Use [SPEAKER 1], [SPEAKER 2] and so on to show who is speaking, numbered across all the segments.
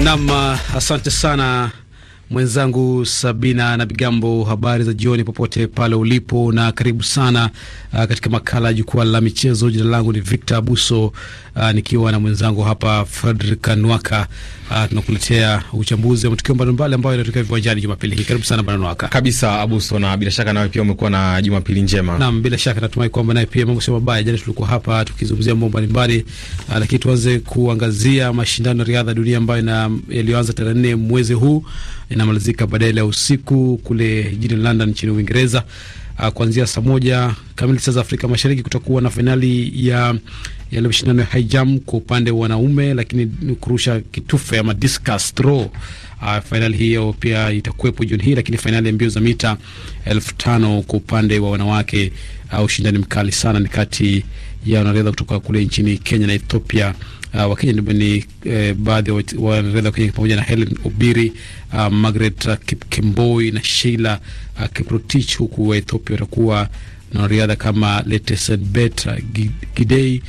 [SPEAKER 1] Nam, uh, asante sana mwenzangu Sabina na Bigambo. Habari za jioni popote pale ulipo, na karibu sana uh, katika makala ya jukwaa la michezo. Jina langu ni Victor Abuso, uh, nikiwa na mwenzangu hapa Fredrick Nwaka. Uh,
[SPEAKER 2] tunakuletea uchambuzi wa matukio mbalimbali ambayo yanatokea viwanjani jumapili hii. Karibu sana bwana Nwaka. Kabisa Abuso, na bila shaka nawe pia umekuwa na jumapili njema.
[SPEAKER 1] Naam, bila shaka natumai kwamba naye pia mambo sio mabaya. Jana tulikuwa hapa tukizungumzia mambo mbalimbali, uh, lakini tuanze kuangazia mashindano ya riadha dunia ambayo yaliyoanza tarehe 4 mwezi huu inamalizika baadaye leo usiku kule jijini London nchini Uingereza ah, kuanzia saa moja kamili saa za Afrika Mashariki. Kutakuwa na fainali ya yale mashindano ya high jump kwa upande wa wanaume, lakini kurusha kitufe ama discus throw. Uh, ah, fainali hiyo pia itakuwepo jioni hii, lakini fainali ya mbio za mita elfu tano kwa upande wa wanawake, uh, ushindani mkali sana ni kati ya wanariadha kutoka kule nchini Kenya na Ethiopia uh, Wakenya ni eh, baadhi ya wanariadha Kenya pamoja na Helen Obiri, uh, Margaret uh, Kipkemboi na Sheila uh, Kiprotich, huku Waethiopia watakuwa na wanariadha kama Letesenbet Gidei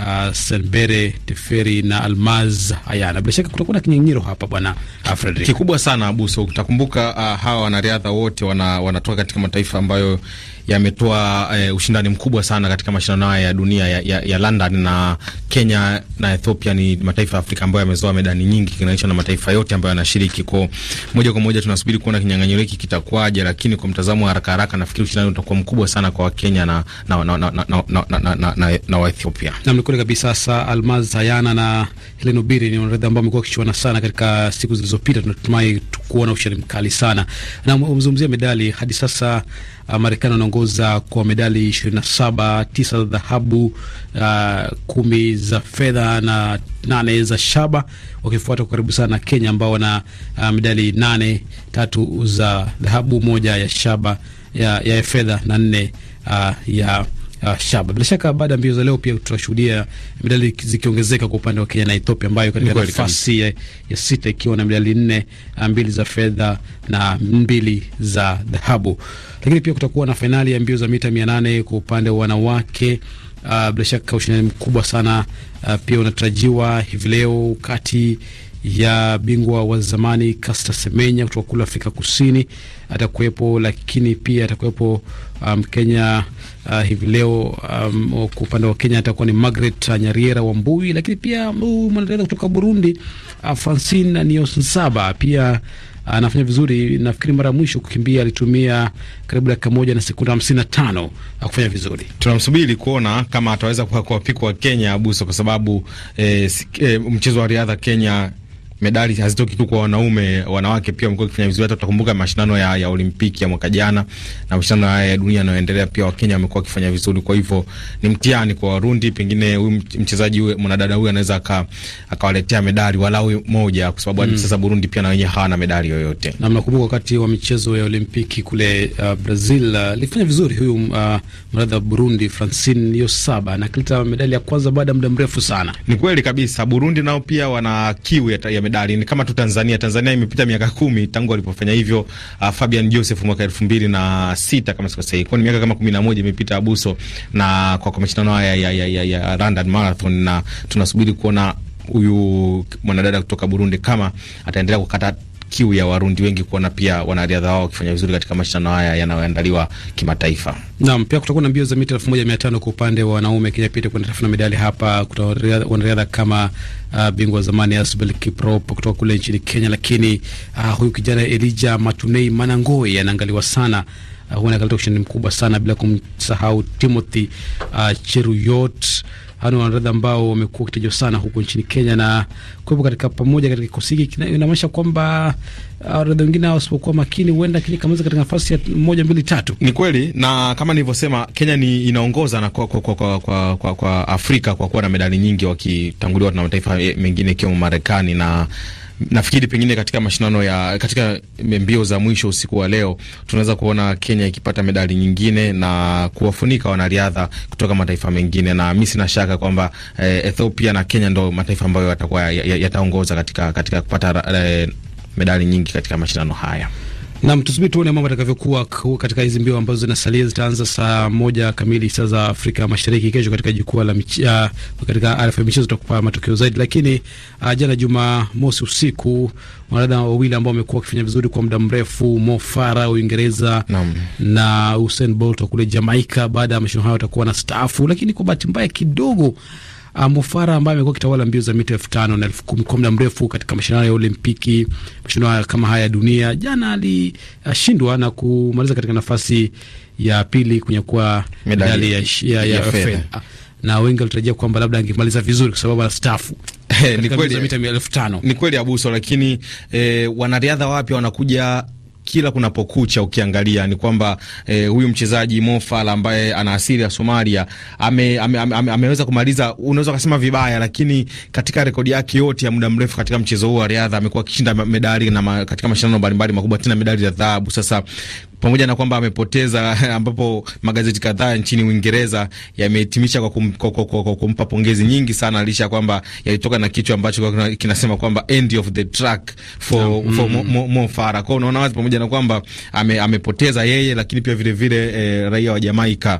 [SPEAKER 2] uh, Senbere Teferi na Almaz Ayana. Bila shaka kutakuwa na kinyang'anyiro hapa bwana Frederick, kikubwa sana Abuso. Utakumbuka uh, hawa wanariadha wote wana, wanatoka katika mataifa ambayo yametoa uh, ushindani mkubwa sana katika mashindano haya ya dunia ya, ya, ya London na Kenya na Ethiopia ni mataifa ya Afrika ambayo yamezoa medani nyingi kilinganishwa na mataifa yote ambayo yanashiriki. Kwa moja kwa moja tunasubiri kuona kinyang'anyiro hiki kitakuwaje, lakini kwa mtazamo wa haraka haraka nafikiri ushindani utakuwa mkubwa sana kwa Kenya na na na na, na, na, na, na, na, na, na
[SPEAKER 1] na kweli kabisa. Sasa Almaz Hayana na Helen Obiri ni wanariadha ambao wamekuwa wakichuana sana katika siku zilizopita, tunatumai kuona ushari mkali sana. Na umezungumzia medali hadi sasa, uh, Marekani wanaongoza kwa medali 27, tisa za dhahabu, uh, kumi za fedha na nane za shaba, wakifuata kwa karibu sana na Kenya ambao wana uh, medali nane, tatu za dhahabu, moja ya shaba ya, ya fedha na nne uh, ya uh, shaba. Bila shaka baada ya mbio za leo pia tutashuhudia medali zikiongezeka kwa upande wa Kenya na Ethiopia ambayo katika nafasi ya, ya sita ikiwa na medali nne, ah, mbili za fedha na mbili za dhahabu. Lakini pia kutakuwa na fainali ya mbio za mita 800 kwa upande wa wanawake. Uh, bila shaka ushindani mkubwa sana uh, pia unatarajiwa hivi leo kati ya bingwa wa zamani Caster Semenya kutoka kule Afrika Kusini atakuwepo, lakini pia atakuwepo Mkenya um, uh, hivi leo um, kwa upande wa Kenya atakuwa ni Margaret Nyariera Wambui, lakini pia uh, mwanariadha kutoka Burundi uh, Francine Niyonsaba pia ah, anafanya vizuri. Nafikiri mara ya mwisho kukimbia alitumia karibu
[SPEAKER 2] dakika moja na sekunde hamsini na tano akufanya vizuri. Tunamsubiri kuona kama ataweza kuwapikwa Kenya abuso, kwa sababu eh, eh, mchezo wa riadha Kenya medali hazitoki tu kwa wanaume, wanawake pia wamekuwa wakifanya vizuri. Hata utakumbuka mashindano ya, ya Olimpiki ya mwaka jana na mashindano haya ya dunia yanayoendelea, pia Wakenya wamekuwa wakifanya vizuri. Kwa hivyo ni mtihani kwa Warundi, pengine huyu mchezaji huyu mwanadada huyu anaweza akawaletea medali walau moja, kwa sababu hadi mm, sasa Burundi pia na wenyewe hawana medali yoyote.
[SPEAKER 1] Na mnakumbuka wakati wa michezo ya Olimpiki kule uh, Brazil uh, alifanya uh, vizuri huyu uh, mradha wa Burundi Francine Yosaba na kileta medali ya
[SPEAKER 2] kwanza baada ya muda mrefu sana. Ni kweli kabisa, Burundi nao pia wana kiu ya, ya medali. Ni kama tu Tanzania. Tanzania imepita miaka kumi tangu walipofanya hivyo, uh, Fabian Joseph mwaka elfu mbili na sita kama sikosei, kwani miaka kama kumi na moja imepita Abuso, na kwa mashindano haya ya, ya, ya, ya London Marathon, na tunasubiri kuona huyu mwanadada kutoka Burundi kama ataendelea kukata kiu ya Warundi wengi kuona pia wanariadha wao wakifanya vizuri katika mashindano haya yanayoandaliwa kimataifa.
[SPEAKER 1] Naam, pia kutakuwa na mbio za mita tano kwa upande wa wanaume. Kenya pia itakuwa na medali hapa. Kuna wanariadha kama uh, bingwa wa zamani Asbel Kiprop kutoka kule nchini Kenya, lakini uh, huyu kijana Elijah Matunei manangoi anaangaliwa sana huenda akaleta ushindani mkubwa sana, bila kumsahau Timothy uh, Cheruyot hao ni wanariadha ambao wamekuwa kitajwa sana huko nchini Kenya na kuwepo katika pamoja katika kikosi hiki inamaanisha kwamba uh, wanariadha wengine hao wasipokuwa makini, huenda Kenya kamaliza katika nafasi ya moja, mbili, tatu.
[SPEAKER 2] Ni kweli, na kama nilivyosema, Kenya ni inaongoza na kwa, kwa, kwa, kwa, kwa, kwa Afrika kwa kuwa na medali nyingi, wakitanguliwa na mataifa mengine ikiwemo Marekani na Nafikiri pengine katika mashindano ya katika mbio za mwisho usiku wa leo tunaweza kuona Kenya ikipata medali nyingine na kuwafunika wanariadha kutoka mataifa mengine, na mimi sina shaka kwamba eh, Ethiopia na Kenya ndo mataifa ambayo yatakuwa yataongoza katika, katika kupata eh, medali nyingi katika mashindano haya.
[SPEAKER 1] Nam, tusubiri tuone mambo atakavyokuwa katika hizi mbio ambazo zinasalia zitaanza saa moja kamili saa za Afrika Mashariki kesho katika jukwaa la uh, katika RFM michezo tutakupa matokeo zaidi, lakini uh, jana Jumamosi usiku wanadada wawili ambao wamekuwa wakifanya vizuri kwa muda mrefu Mo Farah Uingereza na Usain Bolt kule Jamaika, baada ya mashindano hayo watakuwa na staafu, lakini kwa bahati mbaya kidogo Ah, Mufara ambaye amekuwa kitawala mbio za mita elfu tano na elfu kumi kwa muda mrefu katika mashindano ya Olimpiki, mashindano kama haya ya dunia, jana alishindwa na kumaliza katika nafasi ya pili kunyakua medali ya, ya, ya, ya fedha ah, na wengi walitarajia
[SPEAKER 2] kwamba labda angemaliza vizuri kwa sababu anastaafu. Ni kweli mita elfu tano ni kweli Abuso, lakini eh, wanariadha wapya wanakuja kila kunapokucha ukiangalia ni kwamba eh, huyu mchezaji Mofala ambaye ana asili ya Somalia ame, ame, ame, ameweza kumaliza, unaweza kusema vibaya, lakini katika rekodi yake yote ya muda mrefu katika mchezo huu wa riadha amekuwa akishinda medali na ma, katika mashindano mbalimbali makubwa, tena medali za dhahabu. Sasa pamoja na kwamba amepoteza, ambapo magazeti kadhaa nchini Uingereza yamehitimisha kwa, kum, kwa, kwa, kwa, kwa kumpa pongezi nyingi sana, licha ya kwamba yalitoka na kichwa ambacho kwa kinasema kwamba end of the track for, mm. for Mo, Mo, Mo Farah. Kwa unaona wazi pamoja na kwamba ame, amepoteza yeye, lakini pia vile vile e, raia wa Jamaica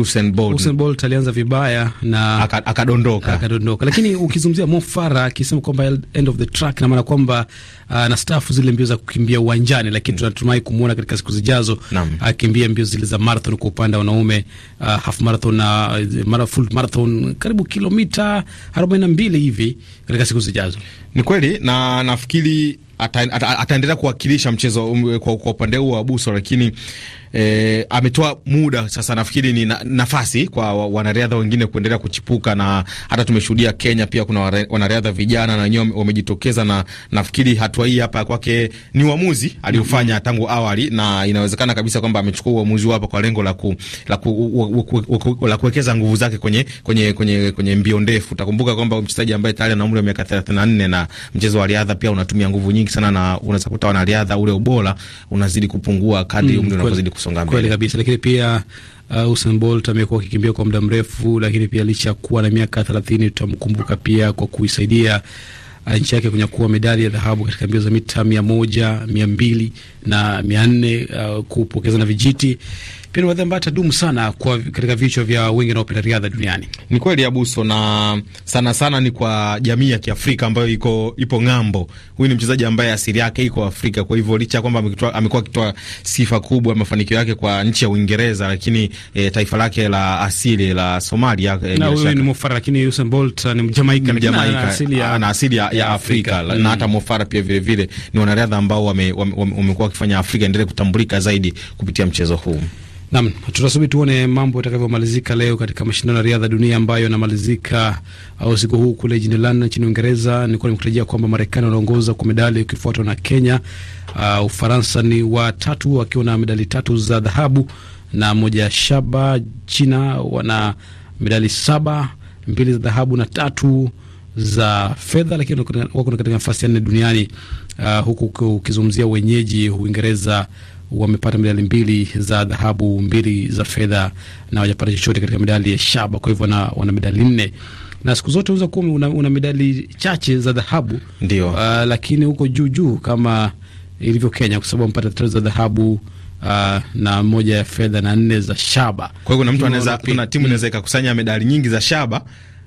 [SPEAKER 2] Usain Bolt, Usain Bolt alianza vibaya na
[SPEAKER 1] akadondoka akadondoka, lakini ukizungumzia Mo Farah akisema kwamba end of the track, na maana kwamba uh, na staff zile mbio za kukimbia uwanjani, lakini mm. tunatumai kumuona katika siku zijazo zijazo, akimbia mbio zile za marathon kwa upande wa wanaume, uh, half marathon na uh, full marathon karibu
[SPEAKER 2] kilomita 42 hivi katika siku zijazo. Ni kweli na nafikiri ataendelea ata, ata kuwakilisha mchezo um, kwa upande huu wa Buso lakini eh, ametoa muda sasa, nafikiri ni na, nafasi kwa wanariadha wengine kuendelea kuchipuka, na hata tumeshuhudia Kenya pia kuna wanariadha vijana na wenyewe wamejitokeza, na nafikiri hatua hii hapa kwake ni uamuzi aliofanya mm-hmm. tangu awali, na inawezekana kabisa kwamba amechukua uamuzi hapa kwa lengo la ku, la, ku, la kuwekeza nguvu zake kwenye kwenye kwenye kwenye mbio ndefu. Utakumbuka kwamba mchezaji ambaye tayari ana umri wa miaka 34 na mchezo wa riadha pia unatumia nguvu nyingi sana, na unaweza kuta wanariadha ule ubora unazidi kupungua kadri mm, umri unazidi kusonga mbele. Kweli
[SPEAKER 1] kabisa, lakini pia uh, Usain Bolt amekuwa akikimbia kwa muda mrefu, lakini pia licha ya kuwa na miaka 30 tutamkumbuka pia kwa kuisaidia uh, nchi yake kunyakua medali ya dhahabu katika mbio za mita mia moja, mia mbili na mia nne uh, kupokeza na vijiti
[SPEAKER 2] pia ni wadhi ambaye atadumu sana kwa katika vichwa vya wengi wanaopenda riadha duniani. Ni kweli Abuso, na sana sana ni kwa jamii ya Kiafrika ambayo iko ipo ng'ambo. Huyu ni mchezaji ambaye asili yake iko Afrika, kwa hivyo licha kwamba amekuwa akitoa sifa kubwa mafanikio yake kwa nchi ya Uingereza, lakini e, taifa lake la asili la Somalia e, na huyu ni Mofara, lakini Usain Bolt ni Mjamaika, Mjamaika asili ya, ana asili ya, ya Afrika, Afrika. Mm. Na hata mm. Mofara pia vile vile ni wanariadha ambao wamekuwa wame, wame, wame wakifanya Afrika endelee kutambulika zaidi kupitia mchezo huu.
[SPEAKER 1] Nam, tutasubiri tuone mambo yatakavyomalizika leo katika mashindano ya riadha dunia ambayo yanamalizika uh, usiku huu kule jijini London nchini Uingereza. Nikuwa nimekutajia kwamba Marekani wanaongoza kwa medali ukifuatwa na Kenya. Uh, Ufaransa ni watatu wakiwa na medali tatu za dhahabu na moja shaba. China wana medali saba, mbili za dhahabu na tatu za fedha, lakini wako katika nafasi ya nne duniani. Uh, huku ukizungumzia wenyeji Uingereza wamepata medali mbili za dhahabu, mbili za fedha na wajapata chochote katika medali ya shaba. Kwa hivyo wana, medali nne na siku zote uza kuwa una, una medali chache za dhahabu ndio. Uh, lakini huko juu juu kama ilivyo Kenya kwa sababu amepata tatu za dhahabu Uh, na moja ya
[SPEAKER 2] fedha na nne za shaba. Kwa hiyo kuna mtu anaweza, kuna timu mm. inaweza ikakusanya medali nyingi za shaba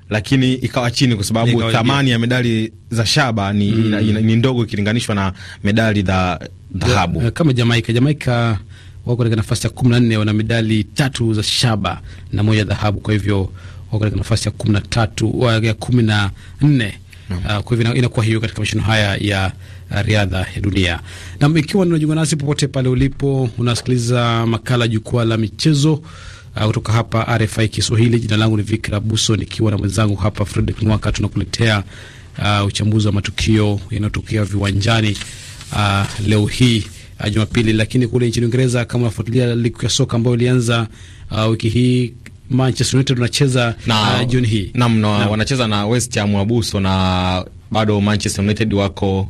[SPEAKER 2] lakini ikawa chini kwa sababu thamani ya medali za shaba ni, mm. ina, ina, ni ndogo ikilinganishwa na medali za dhahabu kama Jamaika. Jamaika wako katika nafasi ya kumi
[SPEAKER 1] na nne, wana medali tatu za shaba na moja dhahabu, kwa hivyo wako katika nafasi ya kumi na tatu ya kumi na nne. Uh, kwa hivyo inakuwa hiyo katika mashindano haya ya uh, riadha ya dunia. Na ikiwa unajiunga nasi popote pale ulipo unasikiliza makala jukwaa la michezo uh, kutoka hapa RFI Kiswahili. Jina langu ni Victor Abuso nikiwa na mwenzangu hapa Fredrick Mwaka, tunakuletea uh, uchambuzi wa matukio yanayotokea viwanjani uh, leo hii uh, Jumapili. Lakini kule nchini Uingereza, kama unafuatilia ligi ya soka ambayo ilianza uh, wiki hii Manchester United wanacheza uh, jioni hii na, na,
[SPEAKER 2] na, wanacheza na West Ham Abuso, na bado Manchester United wako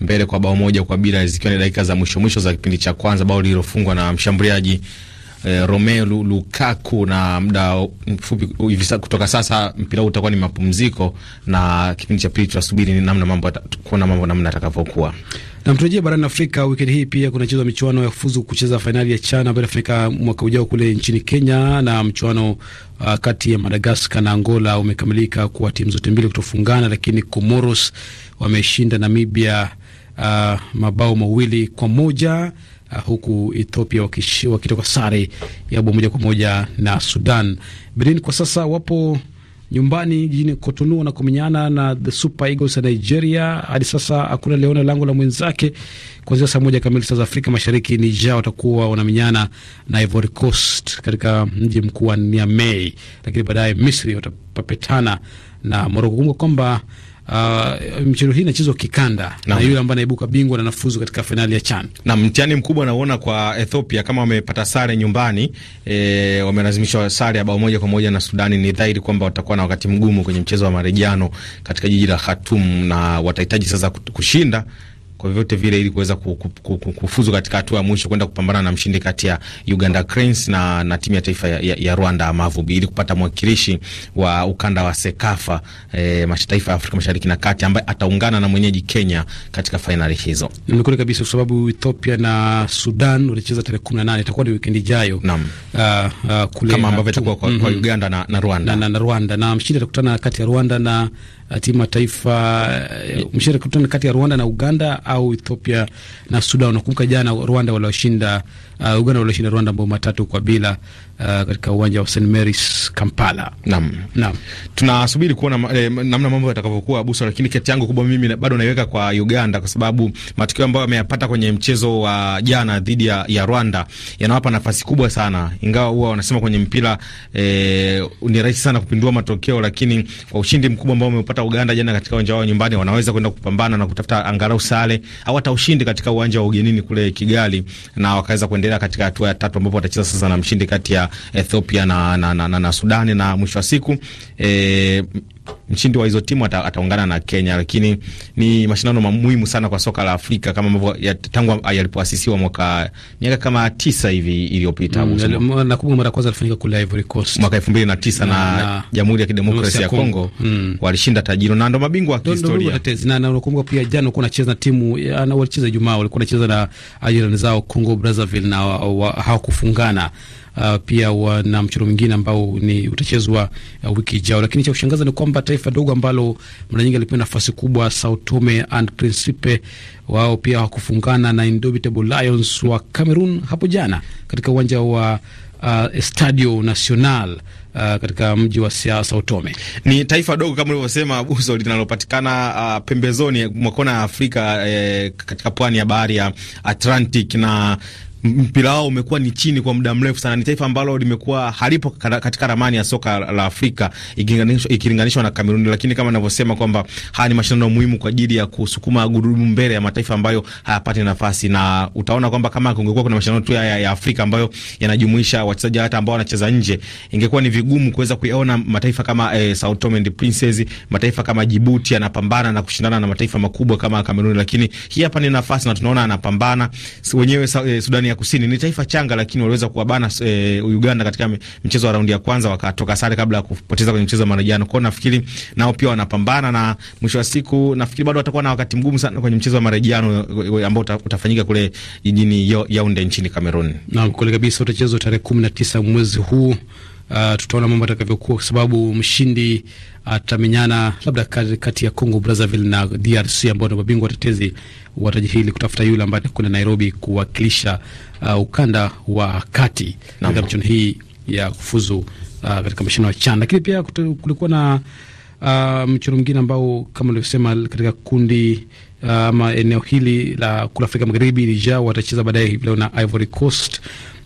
[SPEAKER 2] mbele kwa bao moja kwa bila zikiwa ni dakika za mwisho mwisho za kipindi cha kwanza, bao lililofungwa na mshambuliaji eh, Romelu Lukaku na muda mfupi hivi kutoka sasa mpira huu utakuwa ni mapumziko, na kipindi cha pili tunasubiri ni namna mambo kuona mambo namna atakavyokuwa.
[SPEAKER 1] Na mturejee barani Afrika wikendi hii pia kuna kunachezwa michuano ya kufuzu kucheza fainali ya CHAN barani Afrika mwaka ujao kule nchini Kenya, na mchuano uh, kati ya madagascar na Angola umekamilika kwa timu zote mbili kutofungana, lakini Comoros wameshinda Namibia uh, mabao mawili kwa moja uh, huku Ethiopia wakitoka sare ya bao moja kwa moja na Sudan. Benin kwa sasa wapo nyumbani jijini Cotonou wanakumenyana na the Super Eagles ya Nigeria. Hadi sasa hakuna leona lango la mwenzake. Kuanzia saa moja kamili saa za Afrika Mashariki, Nija watakuwa wanamenyana na Ivory Coast katika mji mkuu wa Niamey, lakini baadaye Misri watapapetana na Morocco. Kumbuka kwamba uh, mchezo hii inachezwa kikanda na, na yule ambaye anaibuka
[SPEAKER 2] bingwa na nafuzu katika fainali ya CHAN. Na mtihani mkubwa naona kwa Ethiopia, kama wamepata sare nyumbani e, wamelazimishwa sare ya bao moja kwa moja na Sudani, ni dhahiri kwamba watakuwa na wakati mgumu kwenye mchezo wa marejiano katika jiji la Khartoum, na watahitaji sasa kushinda kwa vyovyote vile, ili kuweza kufuzu katika hatua ya mwisho kwenda kupambana na mshindi kati ya Uganda Cranes na, na timu ya taifa ya, ya, ya Rwanda Amavubi, ili kupata mwakilishi wa ukanda wa Sekafa eh, mataifa ya Afrika Mashariki na Kati, ambaye ataungana na mwenyeji Kenya katika fainali hizo.
[SPEAKER 1] Ni kweli kabisa, kwa sababu Ethiopia na Sudan walicheza tarehe 18 itakuwa ni wikendi ijayo, naam, uh, uh, kule kama ambavyo itakuwa kwa, mm -hmm. kwa mm-hmm. Uganda na, na Rwanda na, na, na Rwanda na mshindi atakutana kati ya Rwanda na timu ya taifa eh, mshirika kutana kati ya Rwanda na Uganda au Ethiopia na Sudan. Nakumbuka jana Rwanda walioshinda uh, Uganda walioshinda Rwanda mabao matatu
[SPEAKER 2] kwa bila uh, katika uwanja wa St Mary's Kampala. Naam. Naam. Tunasubiri kuona eh, namna mambo yatakavyokuwa busa, lakini kati yangu kubwa mimi na, bado naiweka kwa Uganda kwa sababu matukio ambayo ameyapata kwenye mchezo wa jana dhidi ya, ya Rwanda yanawapa nafasi kubwa sana, ingawa huwa wanasema kwenye mpira eh, ni rahisi sana kupindua matokeo, lakini kwa ushindi mkubwa ambao umeupata waliopata Uganda jana katika uwanja wao nyumbani wanaweza kwenda kupambana na kutafuta angalau sare au hata ushindi katika uwanja wa ugenini kule Kigali, na wakaweza kuendelea katika hatua ya tatu ambapo watacheza sasa na mshindi kati ya Ethiopia na, na, na, na, na Sudani na mwisho wa siku e, mshindi wa hizo timu ataungana na Kenya, lakini ni mashindano muhimu sana kwa soka la Afrika kama ambavyo ya, tangu yalipoasisiwa mwaka miaka kama tisa hivi iliyopita. Mm,
[SPEAKER 1] nakumbuka mara kwanza alifanyika kule Ivory Coast mwaka
[SPEAKER 2] na Jamhuri ya Kidemokrasia ya Kongo mm, walishinda tajiro na ndo mabingwa wa kihistoria.
[SPEAKER 1] Na nakumbuka pia jana walikuwa wanacheza na timu na walicheza Ijumaa walikuwa wanacheza na ah, jirani zao Congo Brazzaville na hawakufungana wa, wa, uh, pia wana mchezo mwingine ambao ni utachezwa uh, wiki ijayo. Lakini cha kushangaza ni kwamba taifa dogo ambalo mara nyingi alipewa nafasi kubwa, Sao Tome and Principe, wao pia hawakufungana na Indomitable Lions wa Cameroon hapo jana katika uwanja wa uh, ah, Stadio National Uh, katika mji wa Sao
[SPEAKER 2] Tome ni taifa dogo kama ulivyosema Abuso, linalopatikana uh, pembezoni mwa kona ya Afrika eh, katika pwani ya bahari ya Atlantic na mpira wao umekuwa ni chini kwa muda mrefu sana. Ni taifa ambalo limekuwa halipo katika ramani ya soka la Afrika ikilinganishwa, na Kameruni, lakini kama ninavyosema kwamba haya ni mashindano muhimu kwa ajili ya kusukuma gurudumu mbele ya mataifa ambayo hayapati nafasi, na utaona kwamba kama kungekuwa kuna mashindano tu ya, ya Afrika ambayo yanajumuisha wachezaji hata ambao wanacheza nje, ingekuwa ni vigumu kuweza kuyaona mataifa kama eh, Sao Tome and Princess, mataifa kama Djibouti yanapambana na kushindana na mataifa makubwa kama Kameruni, lakini hii hapa ni nafasi na tunaona anapambana wenyewe eh, Sudani Tanzania Kusini ni taifa changa, lakini waliweza kuwabana e, Uganda katika mchezo wa raundi ya kwanza, wakatoka sare kabla ya kupoteza kwenye mchezo wa marejano. Kwao nafikiri nao pia wanapambana, na mwisho wa siku nafikiri bado watakuwa na wakati mgumu sana kwenye mchezo wa marejano eh, ambao utafanyika kule jijini Yaounde nchini Kamerun.
[SPEAKER 1] Naam, kule kabisa utachezwa tarehe 19 mwezi huu. Uh, tutaona mambo atakavyokuwa kwa sababu mshindi atamenyana labda kati ya Congo Brazzaville na DRC ambao ndio mabingwa watetezi watajihili kutafuta yule ambaye atakwenda Nairobi kuwakilisha uh, ukanda wa kati katika michuano hii ya kufuzu uh, katika mashindano ya CHAN. Lakini pia kutu, kulikuwa na uh, mchuano mwingine ambao kama nilivyosema katika kundi ama uh, eneo hili la kula Afrika Magharibi, Niger watacheza baadaye leo na Ivory Coast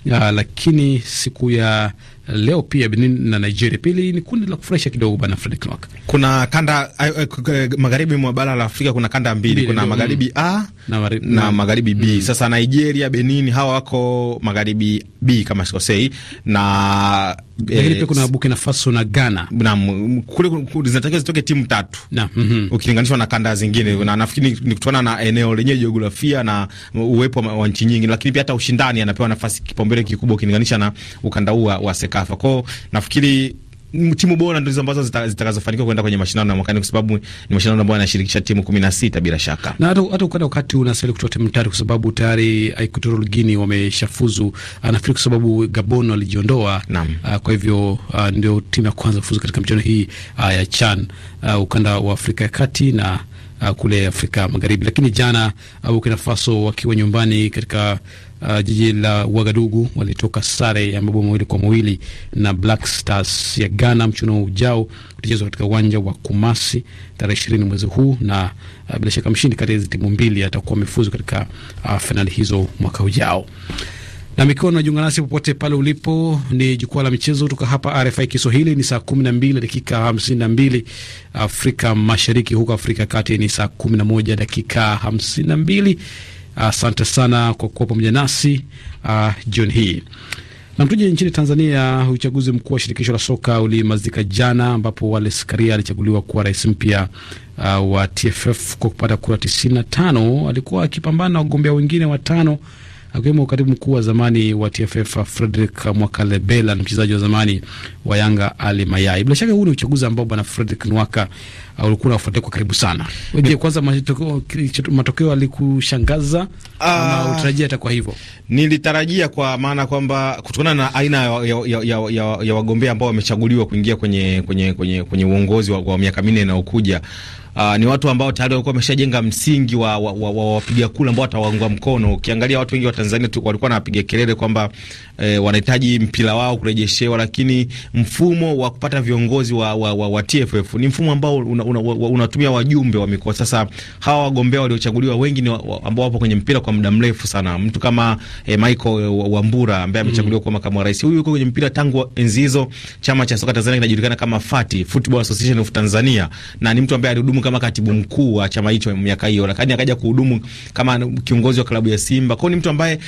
[SPEAKER 1] uh, lakini siku ya leo pia Benin na Nigeria. Pili ni kundi la kufurahisha kidogo bwana Fred Clark.
[SPEAKER 2] Kuna kanda uh, uh, magharibi mwa bara la Afrika kuna kanda mbili, mbili kuna magharibi mm, A na, na magharibi B mm. Sasa Nigeria, Benin hawa wako magharibi B kama sikosei, na eh, lakini pia kuna Burkina Faso na Ghana na kule zinatakiwa zitoke timu tatu na, mm -hmm. ukilinganishwa na kanda zingine mm -hmm. na nafikiri ni kutokana na eneo lenye jiografia na uwepo wa nchi nyingi, lakini pia hata ushindani anapewa nafasi kipaumbele kikubwa ukilinganisha na ukanda huu wa Sekafa kwao nafikiri timu bora ndizo ambazo zitakazofanikiwa kwenda kwenye mashindano ya mwakani, kwa sababu ni mashindano ambayo yanashirikisha timu 16 bila shaka,
[SPEAKER 1] na hata hata ukanda wakati unasali kutoa timu tatu, kwa sababu tayari Equatorial Guinea wameshafuzu, ah, nafikiri kwa sababu Gabon walijiondoa. Ah, kwa hivyo ah, ndio timu ya kwanza kufuzu katika michuano hii ya CHAN ukanda wa Afrika ya Kati na kule Afrika Magharibi. Lakini jana Burkina Faso wakiwa nyumbani katika uh, jiji la Wagadugu walitoka sare ya mabao mawili kwa mawili na Black Stars ya Ghana. Mchuano ujao utachezwa katika uwanja wa Kumasi tarehe ishirini mwezi huu, na uh, bila shaka mshindi kati ya hizi timu mbili atakuwa amefuzu katika uh, fainali hizo mwaka ujao na mikiwa unajiunga nasi popote pale ulipo, ni jukwaa la michezo kutoka hapa RFI Kiswahili. Ni saa kumi na mbili dakika hamsini na mbili Afrika Mashariki, huko Afrika Kati ni saa kumi na moja dakika hamsini na mbili. Asante uh, sana kwa kuwa pamoja nasi uh, jioni hii. Na mtuje nchini Tanzania, uchaguzi mkuu wa shirikisho la soka ulimalizika jana, ambapo Wallace Karia alichaguliwa kuwa rais mpya uh, wa TFF kwa kupata kura 95. Alikuwa akipambana na wagombea wengine watano akiwemo katibu mkuu wa zamani wa TFF Frederick Mwakalebela na mchezaji wa zamani wa Yanga Ali Mayai. Bila shaka huu ni uchaguzi ambao bwana Frederick
[SPEAKER 2] Nwaka uh, ulikuwa unafuatia kwa karibu sana.
[SPEAKER 1] Je, kwanza matokeo matokeo alikushangaza
[SPEAKER 2] na ah, utarajia hata kwa hivyo? Nilitarajia kwa maana kwamba kutokana na aina ya, ya, ya, ya, ya wagombea ambao wamechaguliwa kuingia kwenye kwenye kwenye kwenye uongozi wa, wa miaka minne inayokuja uh, ni watu ambao tayari walikuwa wameshajenga msingi wa, wa, wa, wa wapiga kura ambao watawaunga mkono. Ukiangalia watu wengi wa Tanzania tu, walikuwa wanapiga kelele kwamba e, wanahitaji mpira wao kurejeshewa, lakini mfumo wa kupata viongozi wa, wa, wa, wa TFF ni mfumo ambao unatumia una, una una wajumbe wa mikoa. Sasa hawa wagombea waliochaguliwa wengi ni wa, ambao wapo kwenye mpira kwa muda mrefu sana, mtu kama e, Michael eh, Wambura ambaye amechaguliwa mm, kuwa makamu wa rais. Huyu yuko kwenye mpira tangu enzi hizo. Chama cha soka Tanzania kinajulikana kama FATI, Football Association of Tanzania, na ni mtu ambaye alihudumu kama katibu mkuu wa chama hicho miaka hiyo, lakini akaja kuhudumu kama kiongozi wa klabu ya Simba. Kwao ni mtu ambaye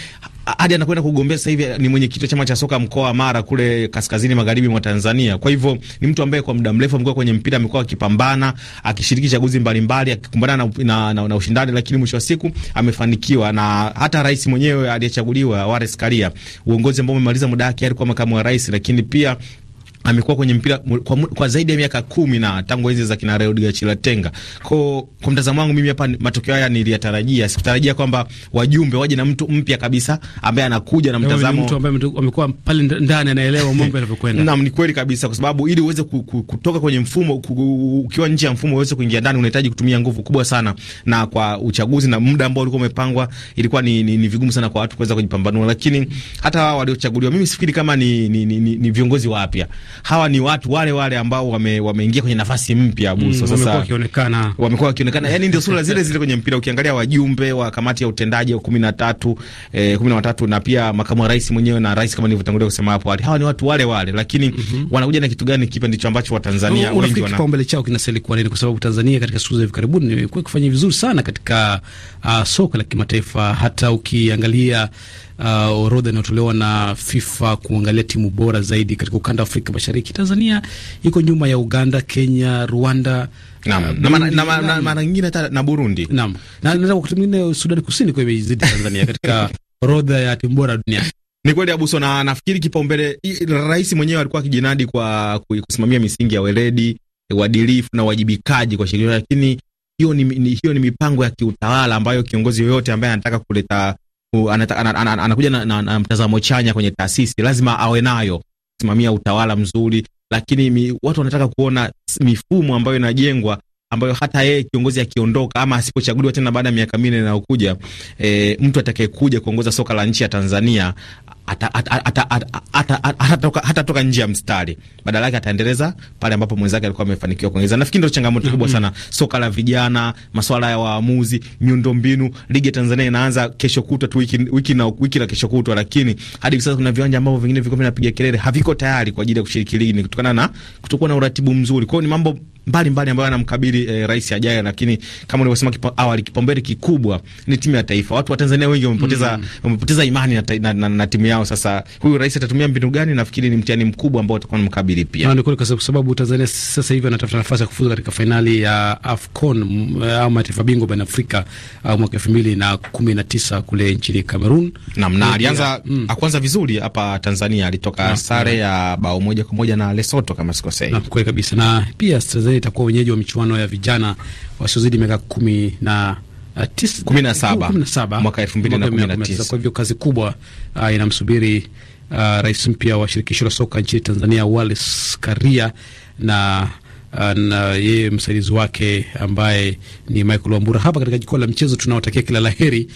[SPEAKER 2] hadi anakwenda kugombea sasa hivi ni mwenyekiti wa chama cha soka mkoa wa Mara kule kaskazini magharibi mwa Tanzania. Kwa hivyo ni mtu ambaye kwa muda mrefu amekuwa kwenye mpira, amekuwa akipambana, akishiriki chaguzi mbalimbali, akikumbana na, na, na, na ushindani, lakini mwisho wa siku amefanikiwa, na hata rais mwenyewe aliyechaguliwa Wallace Karia, uongozi ambao umemaliza muda wake, alikuwa makamu wa rais, lakini pia amekuwa kwenye mpira kwa, kwa zaidi ya miaka kumi na tangu enzi za kina Rodrigo Chilatenga. Kwa kwa mtazamo wangu mimi hapa matokeo haya niliyatarajia. Sikutarajia kwamba wajumbe waje na mtu mpya kabisa ambaye anakuja na mtazamo mtu ambaye amekuwa pale ndani anaelewa mambo yanavyokwenda. Naam, ni kweli kabisa kwa sababu ili uweze kutoka kwenye mfumo ukiwa nje ya mfumo uweze kuingia ndani unahitaji kutumia nguvu kubwa sana, na kwa uchaguzi na muda ambao ulikuwa umepangwa ilikuwa ni, ni, ni vigumu sana kwa watu kuweza kujipambanua, lakini hata wao waliochaguliwa mimi sifikiri kama ni, ni, ni, ni, ni viongozi wapya hawa ni watu wale wale ambao wameingia wame kwenye nafasi mpya Buso. Mm, sasa wamekuwa
[SPEAKER 1] wakionekana
[SPEAKER 2] wamekuwa wakionekana yani ndio sura zile zile kwenye mpira. Ukiangalia wajumbe wa kamati ya utendaji wa 13 eh, 13 na pia makamu wa rais mwenyewe na rais, kama nilivyotangulia kusema hapo, hawa ni watu wale wale, lakini mm -hmm. wanakuja na kitu gani kipi ndicho ambacho Watanzania wengi wana kipaumbele
[SPEAKER 1] chao kinasali kwa nini? Kwa sababu Tanzania katika siku za hivi karibuni imekuwa ikifanya vizuri sana katika uh, soka la kimataifa hata ukiangalia uh, orodha inayotolewa na FIFA kuangalia timu bora zaidi katika ukanda wa Afrika Mashariki. Tanzania iko nyuma ya Uganda, Kenya,
[SPEAKER 2] Rwanda uh, na mara nyingine hata na Burundi. Naam, na wakati mwingine Sudani Kusini kwa imezidi Tanzania katika orodha ya timu bora dunia. Ni kweli Abuso, na nafikiri kipaumbele, rais mwenyewe alikuwa akijinadi kwa kusimamia misingi ya weledi, uadilifu na uwajibikaji kwa sheria, lakini hiyo ni, ni, hiyo ni mipango ya kiutawala ambayo kiongozi yoyote ambaye anataka kuleta anakuja na, na, na mtazamo chanya kwenye taasisi, lazima awe nayo simamia utawala mzuri, lakini mi, watu wanataka kuona mifumo ambayo inajengwa ambayo hata yeye kiongozi akiondoka ama asipochaguliwa tena baada ya miaka minne inayokuja, e, mtu atakayekuja kuongoza soka la nchi ya Tanzania hatatoka nje ya mstari, badala yake ataendeleza pale ambapo mwenzake alikuwa amefanikiwa kuongeza. Nafikiri ndio changamoto kubwa mm-hmm. sana soka la vijana, masuala ya waamuzi, miundombinu. Ligi ya Tanzania inaanza kesho kutwa tu, wiki wiki na wiki la kesho kutwa, lakini hadi sasa kuna viwanja ambavyo vingine viko vinapiga kelele, haviko tayari kwa ajili ya kushiriki ligi, ni kutokana na kutokuwa na uratibu mzuri. Kwa hiyo ni mambo mbalimbali mbali ambayo anamkabili eh, rais ajaye, lakini kama ulivyosema kipa, awali kipaumbele kikubwa ni timu ya taifa. Watu wa Tanzania wengi wamepoteza mm. wamepoteza imani na, na, na, na timu yao nao. Sasa huyu rais atatumia mbinu gani? Nafikiri ni mtihani mkubwa ambao utakuwa namkabili pia, kwa sababu Tanzania sasa hivi anatafuta nafasi ya
[SPEAKER 1] kufuzu katika fainali ya AFCON eh, au mataifa bingwa barani Afrika eh, mwaka elfu mbili na
[SPEAKER 2] kumi na tisa kule nchini Cameroon. Naam, na alianza mm, akuanza vizuri hapa Tanzania, alitoka na sare ya bao moja kwa moja na Lesotho kama sikosei. Naam, kweli kabisa, na pia Tanzania itakuwa
[SPEAKER 1] wenyeji wa michuano ya vijana wasiozidi miaka kumi na Ah, mwaka 2019. Kwa hivyo kazi kubwa uh, inamsubiri uh, rais mpya wa shirikisho la soka nchini Tanzania Wallace Karia na na yeye msaidizi wake ambaye ni Michael Wambura. Hapa katika jukwaa la mchezo tunawatakia kila laheri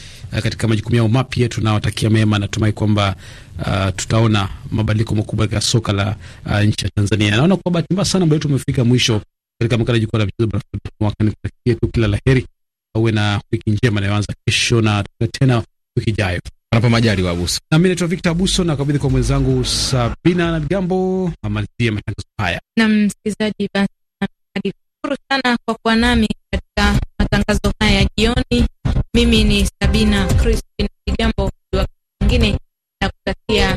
[SPEAKER 1] katika majukumu yao mapya, tunawatakia mema. Natumai kwamba uh, tutaona mabadiliko makubwa katika soka la uh, nchi ya Tanzania. Naona kwa bahati mbaya sana muda wetu umefika mwisho katika makala jukwaa la mchezo. Kila laheri uwe na wiki njema inayoanza kesho na tena wiki ijayo, anapo majaliwa Abuso. Na mimi naitwa Victor Abuso na kabidhi kwa mwenzangu Sabina na Migambo amalizie matangazo haya.
[SPEAKER 2] Na msikilizaji, basi nashukuru sana kwa kuwa nami katika matangazo haya ya jioni. Mimi ni Sabina Crispin Migambo, wakati mwingine nakutakia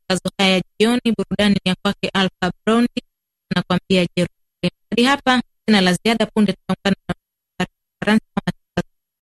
[SPEAKER 2] matangazo haya ya jioni, burudani ya kwake Alpha Blondy anakuambia Jerusalem. Hadi hapa sina la ziada, punde tutaungana